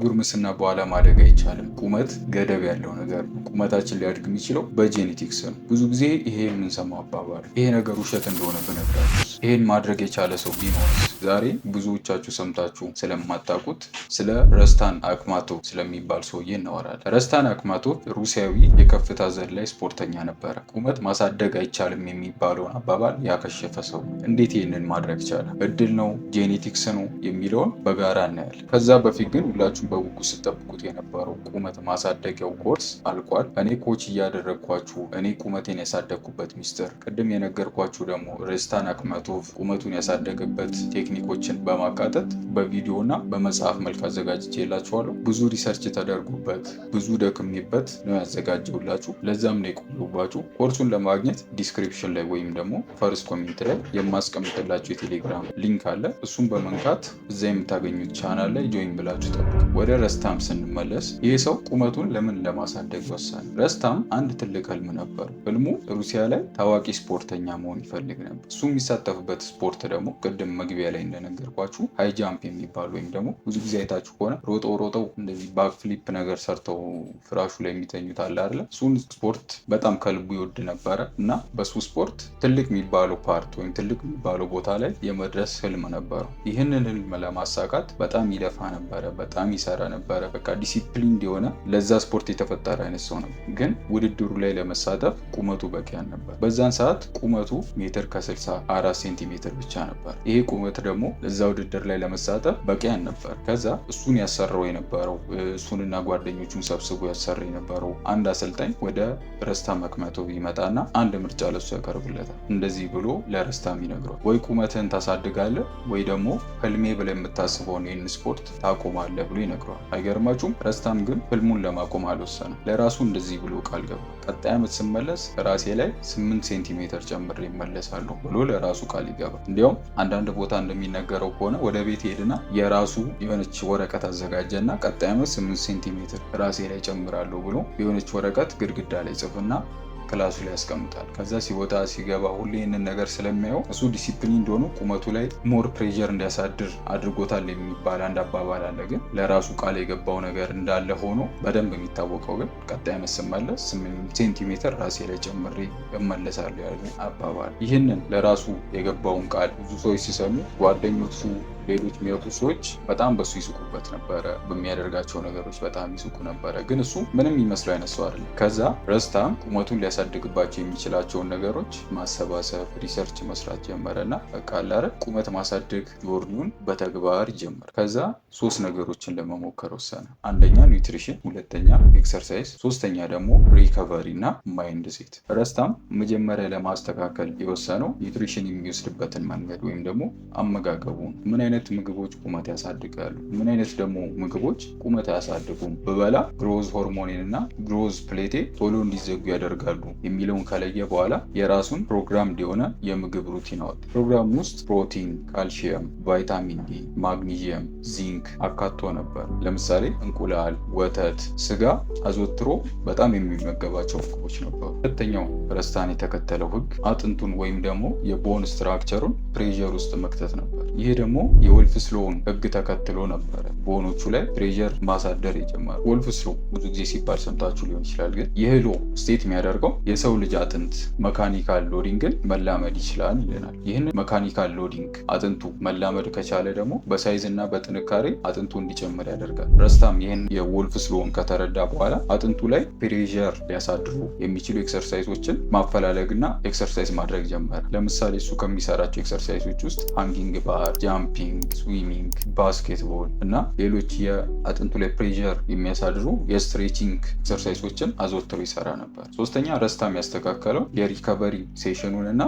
ከጉርምስና በኋላ ማደግ አይቻልም። ቁመት ገደብ ያለው ነገር ነው። ቁመታችን ሊያድግ የሚችለው በጄኔቲክስ ነው። ብዙ ጊዜ ይሄ የምንሰማው አባባል ይሄ ነገር ውሸት እንደሆነ ብነግራችሁ ይህን ማድረግ የቻለ ሰው ቢኖርስ? ዛሬ ብዙዎቻችሁ ሰምታችሁ ስለማታውቁት ስለ ረስታን አክማቶቭ ስለሚባል ሰውዬ እናወራለን። ረስታን አክማቶ ሩሲያዊ የከፍታ ዘላይ ስፖርተኛ ነበረ። ቁመት ማሳደግ አይቻልም የሚባለውን አባባል ያከሸፈ ሰው። እንዴት ይህንን ማድረግ ቻለ? እድል ነው ጄኔቲክስ ነው የሚለውን በጋራ እናያለን። ከዛ በፊት ግን ሁላችሁም በጉጉት ስጠብቁት የነበረው ቁመት ማሳደጊያው ኮርስ አልቋል። እኔ ኮች እያደረግኳችሁ እኔ ቁመቴን ያሳደግኩበት ሚስጥር፣ ቅድም የነገርኳችሁ ደግሞ ረስታን አክማቶ በፎቶሾፕ ቁመቱን ያሳደገበት ቴክኒኮችን በማካተት በቪዲዮ እና በመጽሐፍ መልክ አዘጋጅቼላችኋለሁ። ብዙ ሪሰርች ተደርጎበት ብዙ ደክሜበት ነው ያዘጋጀውላችሁ። ለዛም ነው የቆየሁባችሁ። ኮርሱን ለማግኘት ዲስክሪፕሽን ላይ ወይም ደግሞ ፈርስት ኮሚኒቲ ላይ የማስቀምጥላችሁ የቴሌግራም ሊንክ አለ። እሱም በመንካት እዛ የምታገኙት ቻናል ላይ ጆይን ብላችሁ ጠብቁ። ወደ ረስታም ስንመለስ ይህ ሰው ቁመቱን ለምን ለማሳደግ ወሰነ? ረስታም አንድ ትልቅ ህልም ነበር። ህልሙ ሩሲያ ላይ ታዋቂ ስፖርተኛ መሆን ይፈልግ ነበር። እሱ የሚሳተፍ የምንሳተፍበት ስፖርት ደግሞ ቅድም መግቢያ ላይ እንደነገርኳችሁ ሀይ ጃምፕ የሚባል ወይም ደግሞ ብዙ ጊዜ አይታችሁ ከሆነ ሮጠው ሮጠው እንደዚህ ፍሊፕ ነገር ሰርተው ፍራሹ ላይ የሚተኙት አለ አይደለ? እሱን ስፖርት በጣም ከልቡ ይወድ ነበረ እና በሱ ስፖርት ትልቅ የሚባለው ፓርት ወይም ትልቅ የሚባለው ቦታ ላይ የመድረስ ህልም ነበረው። ይህንን ህልም ለማሳካት በጣም ይለፋ ነበረ፣ በጣም ይሰራ ነበረ። በቃ ዲሲፕሊን የሆነ ለዛ ስፖርት የተፈጠረ አይነት ሰው ነበር። ግን ውድድሩ ላይ ለመሳተፍ ቁመቱ በቂ አልነበር። በዛን ሰዓት ቁመቱ ሜትር ከ64 ሴንቲሜትር ብቻ ነበር። ይሄ ቁመት ደግሞ እዛ ውድድር ላይ ለመሳተፍ በቂያን ነበር። ከዛ እሱን ያሰራው የነበረው እሱንና ጓደኞቹን ሰብስቦ ያሰራ የነበረው አንድ አሰልጣኝ ወደ ረስታ መክመቶ ይመጣና አንድ ምርጫ ለሱ ያቀርብለታል። እንደዚህ ብሎ ለረስታም ይነግረዋል፣ ወይ ቁመትህን ታሳድጋለህ ወይ ደግሞ ህልሜ ብለህ የምታስበውን ይህን ስፖርት ታቆማለህ ብሎ ይነግረዋል። አይገርማችሁም? ረስታም ግን ህልሙን ለማቆም አልወሰነም። ለራሱ እንደዚህ ብሎ ቃል ገባ። ቀጣይ ዓመት ስመለስ ራሴ ላይ 8 ሴንቲሜትር ጨምሬ ይመለሳለሁ ብሎ ለራሱ ቃል ይገባል። እንዲያውም አንዳንድ ቦታ እንደሚነገረው ከሆነ ወደ ቤት ሄድና የራሱ የሆነች ወረቀት አዘጋጀና ቀጣይ ዓመት ሴንቲሜትር ራሴ ላይ ጨምራለሁ ብሎ የሆነች ወረቀት ግድግዳ ላይ ጽፍና ክላሱ ላይ ያስቀምጣል። ከዛ ሲወጣ ሲገባ ሁሌ ይህንን ነገር ስለሚያየው እሱ ዲሲፕሊን እንደሆኑ ቁመቱ ላይ ሞር ፕሬር እንዲያሳድር አድርጎታል የሚባል አንድ አባባል አለ። ግን ለራሱ ቃል የገባው ነገር እንዳለ ሆኖ በደንብ የሚታወቀው ግን ቀጣይ ዓመት ስምንት ሴንቲሜትር ራሴ ላይ ጨምሬ እመለሳለሁ ያለ አባባል። ይህንን ለራሱ የገባውን ቃል ብዙ ሰዎች ሲሰሙ ጓደኞቹ ሌሎች የሚያውቁ ሰዎች በጣም በሱ ይስቁበት ነበረ። በሚያደርጋቸው ነገሮች በጣም ይስቁ ነበረ። ግን እሱ ምንም ይመስሉ አይነት ሰው አይደለም። ከዛ ረስታ ቁመቱን ሊያሳድግባቸው የሚችላቸውን ነገሮች ማሰባሰብ፣ ሪሰርች መስራት ጀመረ እና ቃላረ ቁመት ማሳደግ ጆርኒውን በተግባር ጀመረ። ከዛ ሶስት ነገሮችን ለመሞከር ወሰነ። አንደኛ ኒውትሪሽን፣ ሁለተኛ ኤክሰርሳይዝ፣ ሶስተኛ ደግሞ ሪከቨሪ እና ማይንድ ሴት። ረስታም መጀመሪያ ለማስተካከል የወሰነው ኒውትሪሽን የሚወስድበትን መንገድ ወይም ደግሞ አመጋገቡን ምን አይነት ምግቦች ቁመት ያሳድጋሉ፣ ምን አይነት ደግሞ ምግቦች ቁመት አያሳድጉም፣ ብበላ ግሮዝ ሆርሞኔን እና ግሮዝ ፕሌቴ ቶሎ እንዲዘጉ ያደርጋሉ የሚለውን ከለየ በኋላ የራሱን ፕሮግራም እንዲሆነ የምግብ ሩቲን አወጣ። ፕሮግራም ውስጥ ፕሮቲን፣ ካልሽየም፣ ቫይታሚን ዲ፣ ማግኒዥየም፣ ዚንክ አካቶ ነበር። ለምሳሌ እንቁላል፣ ወተት፣ ስጋ አዘወትሮ በጣም የሚመገባቸው ምግቦች ነበሩ። ሁለተኛው ረስታን የተከተለው ህግ አጥንቱን ወይም ደግሞ የቦን ስትራክቸሩን ፕሬር ውስጥ መክተት ነበር። ይሄ ደግሞ የወልፍ ስሎውን ህግ ተከትሎ ነበረ በሆኖቹ ላይ ፕሬዠር ማሳደር የጀመረ ወልፍ ስሎ ብዙ ጊዜ ሲባል ሰምታችሁ ሊሆን ይችላል። ግን ይህ ሎ ስቴት የሚያደርገው የሰው ልጅ አጥንት መካኒካል ሎዲንግን መላመድ ይችላል ይለናል። ይህንን መካኒካል ሎዲንግ አጥንቱ መላመድ ከቻለ ደግሞ በሳይዝ እና በጥንካሬ አጥንቱ እንዲጨምር ያደርጋል። ረስታም ይህን የወልፍ ስሎውን ከተረዳ በኋላ አጥንቱ ላይ ፕሬዠር ሊያሳድሩ የሚችሉ ኤክሰርሳይዞችን ማፈላለግና ኤክሰርሳይዝ ማድረግ ጀመረ። ለምሳሌ እሱ ከሚሰራቸው ኤክሰርሳይዞች ውስጥ ሃንጊንግ ባር፣ ጃምፒንግ ቦክሲንግ፣ ስዊሚንግ፣ ባስኬትቦል እና ሌሎች የአጥንቱ ላይ ፕሬዠር የሚያሳድሩ የስትሬቺንግ ኤክሰርሳይሶችን አዘወትሮ ይሰራ ነበር። ሶስተኛ ረስታም ያስተካከለው የሪካቨሪ ሴሽኑን እና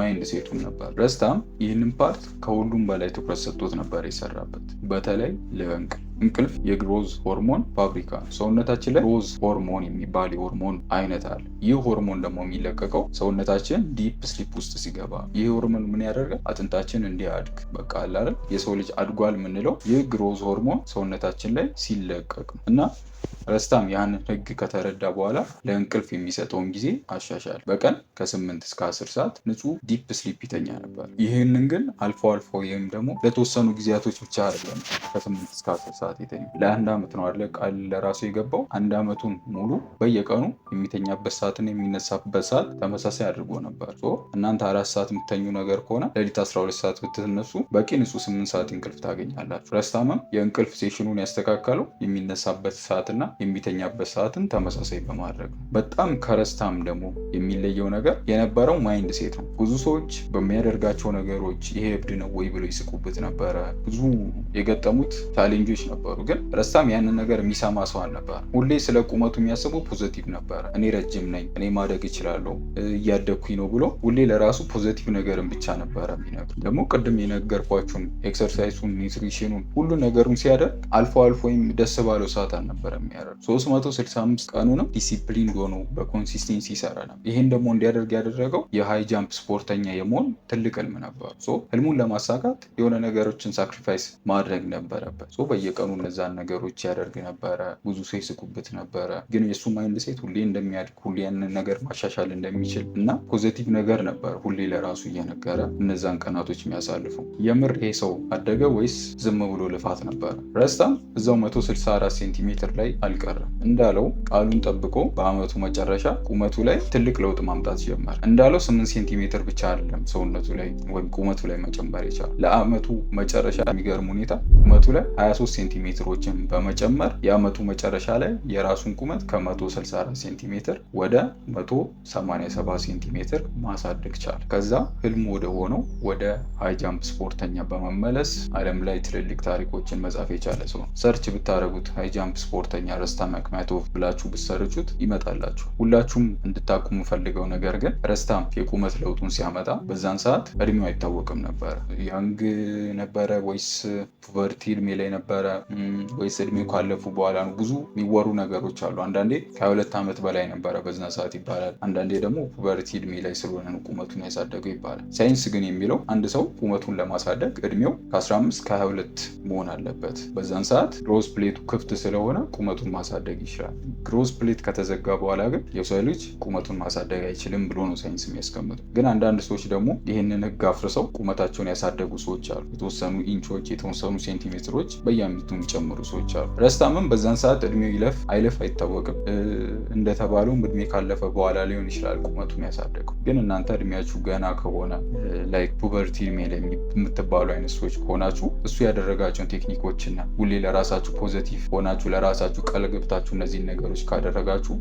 ማይንድ ሴቱን ነበር። ረስታም ይህንን ፓርት ከሁሉም በላይ ትኩረት ሰጥቶት ነበር የሰራበት በተለይ ለእንቅልፍ እንቅልፍ የግሮዝ ሆርሞን ፋብሪካ ነው። ሰውነታችን ላይ ግሮዝ ሆርሞን የሚባል የሆርሞን አይነት አለ። ይህ ሆርሞን ደግሞ የሚለቀቀው ሰውነታችን ዲፕ ስሊፕ ውስጥ ሲገባ፣ ይህ ሆርሞን ምን ያደርጋል? አጥንታችን እንዲያድግ በቃ አላለ የሰው ልጅ አድጓል የምንለው ይህ ግሮዝ ሆርሞን ሰውነታችን ላይ ሲለቀቅ እና ረስታም ያንን ህግ ከተረዳ በኋላ ለእንቅልፍ የሚሰጠውን ጊዜ አሻሻል። በቀን ከስምንት እስከ አስር ሰዓት ንጹህ ዲፕ ስሊፕ ይተኛ ነበር። ይህንን ግን አልፎ አልፎ ወይም ደግሞ ለተወሰኑ ጊዜያቶች ብቻ አይደለም ከስምንት እስከ አስር ሰዓት የተኛ ለአንድ ዓመት ነው አለ ቃል ለራሱ የገባው። አንድ ዓመቱን ሙሉ በየቀኑ የሚተኛበት ሰዓትን የሚነሳበት ሰዓት ተመሳሳይ አድርጎ ነበር። እናንተ አራት ሰዓት የምትተኙ ነገር ከሆነ ሌሊት 12 ሰዓት ብትነሱ በቂ ንጹህ ስምንት ሰዓት እንቅልፍ ታገኛላችሁ። ረስታምም የእንቅልፍ ሴሽኑን ያስተካከለው የሚነሳበት ሰዓትና የሚተኛበት ሰዓትን ተመሳሳይ በማድረግ ነው። በጣም ከረስታም ደግሞ የሚለየው ነገር የነበረው ማይንድ ሴት ነው። ብዙ ሰዎች በሚያደርጋቸው ነገሮች ይሄ እብድ ነው ወይ ብሎ ይስቁበት ነበረ። ብዙ የገጠሙት ቻሌንጆች ነበሩ። ግን ረስታም ያንን ነገር የሚሰማ ሰው አልነበረ። ሁሌ ስለ ቁመቱ የሚያስበው ፖዘቲቭ ነበረ። እኔ ረጅም ነኝ፣ እኔ ማደግ እችላለሁ፣ እያደግኩኝ ነው ብሎ ሁሌ ለራሱ ፖዘቲቭ ነገርን ብቻ ነበረ የሚነግር። ደግሞ ቅድም የነገርኳችሁን ኤክሰርሳይሱን፣ ኒትሪሽኑን ሁሉ ነገሩን ሲያደርግ አልፎ አልፎ ወይም ደስ ባለው ሰዓት አልነበረ የሚያደርግ ይሰራል። 365 ቀኑንም ዲሲፕሊን ሆኖ በኮንሲስቴንሲ ይሰራል። ይህን ደግሞ እንዲያደርግ ያደረገው የሃይ ጃምፕ ስፖርተኛ የመሆን ትልቅ ህልም ነበር። ህልሙን ለማሳካት የሆነ ነገሮችን ሳክሪፋይስ ማድረግ ነበረበት። በየቀኑ እነዛን ነገሮች ያደርግ ነበረ። ብዙ ሰው ይስቁበት ነበረ። ግን የእሱ ማይንድ ሴት ሁሌ እንደሚያድግ ሁሌ ያንን ነገር ማሻሻል እንደሚችል እና ፖዘቲቭ ነገር ነበር ሁሌ ለራሱ እየነገረ እነዛን ቀናቶች የሚያሳልፉ። የምር ይሄ ሰው አደገ ወይስ ዝም ብሎ ልፋት ነበረ? ረስታም እዛው 164 ሴንቲሜትር ላይ አልቀረም። እንዳለው ቃሉን ጠብቆ በአመቱ መጨረሻ ቁመቱ ላይ ትልቅ ለውጥ ማምጣት ጀመረ። እንዳለው ስምንት ሴንቲሜትር ብቻ አይደለም ሰውነቱ ላይ ወይም ቁመቱ ላይ መጨመር የቻለ ለአመቱ መጨረሻ የሚገርም ሁኔታ ቁመቱ ላይ 23 ሴንቲሜትሮችን በመጨመር የአመቱ መጨረሻ ላይ የራሱን ቁመት ከ164 ሴንቲሜትር ወደ 187 ሴንቲሜትር ማሳደግ ቻለ። ከዛ ህልሙ ወደ ሆነው ወደ ሃይጃምፕ ስፖርተኛ በመመለስ አለም ላይ ትልልቅ ታሪኮችን መጻፍ የቻለ ሰው ነው። ሰርች ብታደረጉት ሃይጃምፕ ስፖርተኛ ረስታ ወፍ ብላችሁ ብሰርጩት ይመጣላችሁ። ሁላችሁም እንድታቁሙ ፈልገው ነገር ግን ረስታም የቁመት ለውጡን ሲያመጣ በዛን ሰዓት እድሜው አይታወቅም ነበረ። ያንግ ነበረ ወይስ ፑበርቲ እድሜ ላይ ነበረ ወይስ እድሜ ካለፉ በኋላ ነው? ብዙ የሚወሩ ነገሮች አሉ። አንዳንዴ ከሁለት ዓመት በላይ ነበረ በዛ ሰዓት ይባላል። አንዳንዴ ደግሞ ፑበርቲ እድሜ ላይ ስለሆነ ነው ቁመቱን ያሳደገው ይባላል። ሳይንስ ግን የሚለው አንድ ሰው ቁመቱን ለማሳደግ እድሜው ከ15 ከ22 መሆን አለበት። በዛን ሰዓት ሮዝ ፕሌቱ ክፍት ስለሆነ ቁመቱን ቁመቱን ማሳደግ ይችላል። ግሮስ ፕሌት ከተዘጋ በኋላ ግን የሰው ልጅ ቁመቱን ማሳደግ አይችልም ብሎ ነው ሳይንስ የሚያስቀምጡ። ግን አንዳንድ ሰዎች ደግሞ ይህንን ህግ አፍርሰው ቁመታቸውን ያሳደጉ ሰዎች አሉ። የተወሰኑ ኢንቾች፣ የተወሰኑ ሴንቲሜትሮች በየአመቱ የሚጨምሩ ሰዎች አሉ። ረስታምም በዛን ሰዓት እድሜው ይለፍ አይለፍ አይታወቅም። እንደተባለውም እድሜ ካለፈ በኋላ ሊሆን ይችላል ቁመቱን ያሳደገው። ግን እናንተ እድሜያችሁ ገና ከሆነ ላይክ ፑበርቲ እድሜ የምትባሉ አይነት ሰዎች ከሆናችሁ እሱ ያደረጋቸውን ቴክኒኮችና ሁሌ ለራሳችሁ ፖዘቲቭ ሆናችሁ ለራሳችሁ መካከል ገብታችሁ እነዚህን ነገሮች ካደረጋችሁ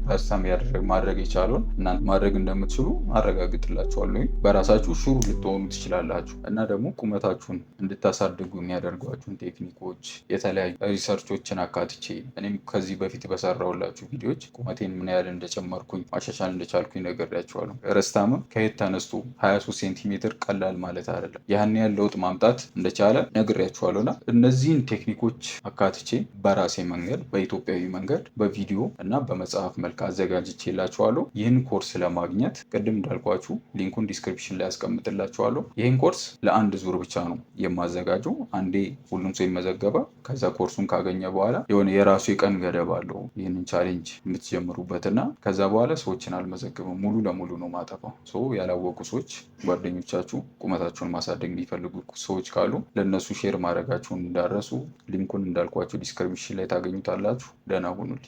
ያደረግ ማድረግ የቻለውን እናንተ ማድረግ እንደምትችሉ አረጋግጥላችኋለሁ። በራሳችሁ ሹሩ ልትሆኑ ትችላላችሁ። እና ደግሞ ቁመታችሁን እንድታሳድጉ የሚያደርጓችሁን ቴክኒኮች የተለያዩ ሪሰርቾችን አካትቼ እኔም ከዚህ በፊት በሰራሁላችሁ ቪዲዮዎች ቁመቴን ምን ያህል እንደጨመርኩኝ ማሻሻል እንደቻልኩኝ ነግሬያችኋለሁ። ረስታምም ከየት ተነስቶ 23 ሴንቲሜትር ቀላል ማለት አይደለም ያህን ያህል ለውጥ ማምጣት እንደቻለ ነግሬያችኋለሁና እነዚህን ቴክኒኮች አካትቼ በራሴ መንገድ በኢትዮጵያዊ መንገድ በቪዲዮ እና በመጽሐፍ መልክ አዘጋጅቼላችኋለሁ። ይህን ኮርስ ለማግኘት ቅድም እንዳልኳችሁ ሊንኩን ዲስክሪፕሽን ላይ አስቀምጥላችኋለሁ። ይህን ኮርስ ለአንድ ዙር ብቻ ነው የማዘጋጀው። አንዴ ሁሉም ሰው ይመዘገበ፣ ከዛ ኮርሱን ካገኘ በኋላ የሆነ የራሱ የቀን ገደብ አለው። ይህንን ቻሌንጅ የምትጀምሩበት እና ከዛ በኋላ ሰዎችን አልመዘግብም። ሙሉ ለሙሉ ነው ማጠፋው። ያላወቁ ሰዎች ጓደኞቻችሁ ቁመታችሁን ማሳደግ የሚፈልጉ ሰዎች ካሉ ለእነሱ ሼር ማድረጋችሁን እንዳረሱ ሊንኩን እንዳልኳቸው ዲስክሪፕሽን ላይ ታገኙታላችሁ። ደህና ሁኑልኝ።